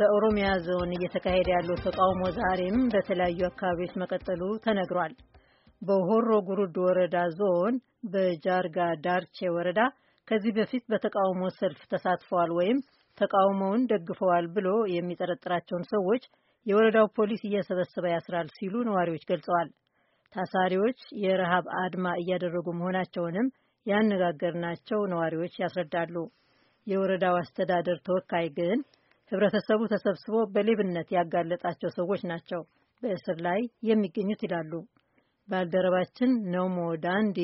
በኦሮሚያ ዞን እየተካሄደ ያለው ተቃውሞ ዛሬም በተለያዩ አካባቢዎች መቀጠሉ ተነግሯል። በሆሮ ጉሩድ ወረዳ ዞን በጃርጋ ዳርቼ ወረዳ ከዚህ በፊት በተቃውሞ ሰልፍ ተሳትፈዋል ወይም ተቃውሞውን ደግፈዋል ብሎ የሚጠረጥራቸውን ሰዎች የወረዳው ፖሊስ እየሰበሰበ ያስራል ሲሉ ነዋሪዎች ገልጸዋል። ታሳሪዎች የረሃብ አድማ እያደረጉ መሆናቸውንም ያነጋገርናቸው ነዋሪዎች ያስረዳሉ። የወረዳው አስተዳደር ተወካይ ግን ህብረተሰቡ ተሰብስቦ በሌብነት ያጋለጣቸው ሰዎች ናቸው በእስር ላይ የሚገኙት ይላሉ። ባልደረባችን ኖሞ ዳንዲ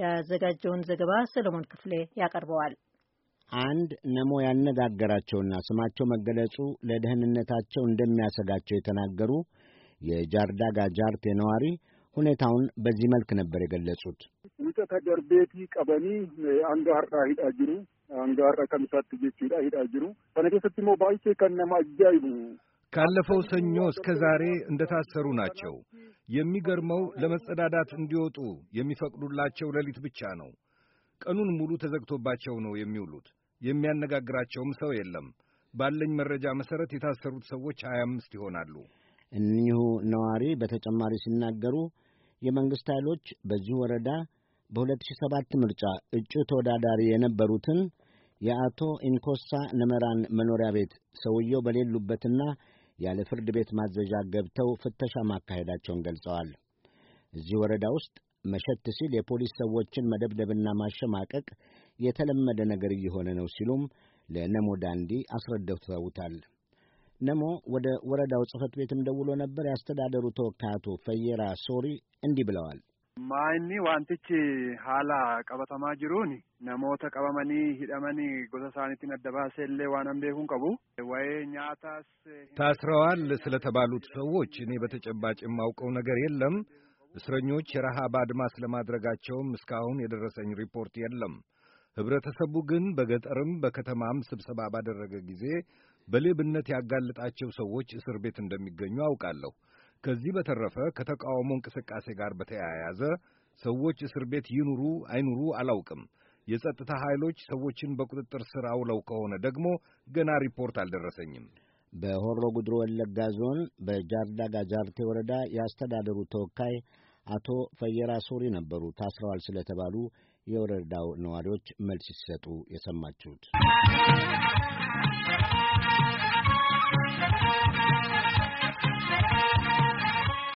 ያዘጋጀውን ዘገባ ሰለሞን ክፍሌ ያቀርበዋል። አንድ ነሞ ያነጋገራቸውና ስማቸው መገለጹ ለደህንነታቸው እንደሚያሰጋቸው የተናገሩ የጃርዳጋ ጃርቴ ነዋሪ ሁኔታውን በዚህ መልክ ነበር የገለጹት። ውጭ ቤቲ ቀበኒ አንዱ ሀራ ሂዳ ጅሩ አንጋር ከምሳት ጅቹ ሂዳ ጅሩ ከነ ሞ ባይቼ ከነማ አጃይቡ ካለፈው ሰኞ እስከ ዛሬ እንደታሰሩ ናቸው። የሚገርመው ለመጸዳዳት እንዲወጡ የሚፈቅዱላቸው ሌሊት ብቻ ነው። ቀኑን ሙሉ ተዘግቶባቸው ነው የሚውሉት። የሚያነጋግራቸውም ሰው የለም። ባለኝ መረጃ መሰረት የታሰሩት ሰዎች ሀያ አምስት ይሆናሉ። እኒሁ ነዋሪ በተጨማሪ ሲናገሩ የመንግሥት ኃይሎች በዚህ ወረዳ በ2007 ምርጫ እጩ ተወዳዳሪ የነበሩትን የአቶ ኢንኮሳ ነመራን መኖሪያ ቤት ሰውየው በሌሉበትና ያለ ፍርድ ቤት ማዘዣ ገብተው ፍተሻ ማካሄዳቸውን ገልጸዋል። እዚህ ወረዳ ውስጥ መሸት ሲል የፖሊስ ሰዎችን መደብደብና ማሸማቀቅ የተለመደ ነገር እየሆነ ነው ሲሉም ለነሞ ዳንዲ አስረድተውታል። ነሞ ወደ ወረዳው ጽሕፈት ቤትም ደውሎ ነበር። ያስተዳደሩ ተወካይ አቶ ፈየራ ሶሪ እንዲህ ብለዋል። ammaa inni wantichi haala qabatamaa jiruun namoota qabamanii hidhamanii gosa isaaniitiin adda baasee illee waan hanbeekuun qabu waa'ee nyaataas ታስረዋል ስለተባሉት ሰዎች እኔ በተጨባጭ የማውቀው ነገር የለም። እስረኞች የረሃብ አድማ ስለማድረጋቸውም እስካሁን የደረሰኝ ሪፖርት የለም። ህብረተሰቡ ግን በገጠርም በከተማም ስብሰባ ባደረገ ጊዜ በሌብነት ያጋልጣቸው ሰዎች እስር ቤት እንደሚገኙ አውቃለሁ። ከዚህ በተረፈ ከተቃውሞ እንቅስቃሴ ጋር በተያያዘ ሰዎች እስር ቤት ይኑሩ አይኑሩ አላውቅም። የጸጥታ ኃይሎች ሰዎችን በቁጥጥር ስር አውለው ከሆነ ደግሞ ገና ሪፖርት አልደረሰኝም። በሆሮ ጉድሮ ወለጋ ዞን በጃርዳ ጋጃርቴ ወረዳ የአስተዳደሩ ተወካይ አቶ ፈየራ ሶሪ ነበሩ ታስረዋል ስለተባሉ የወረዳው ነዋሪዎች መልስ ሲሰጡ የሰማችሁት።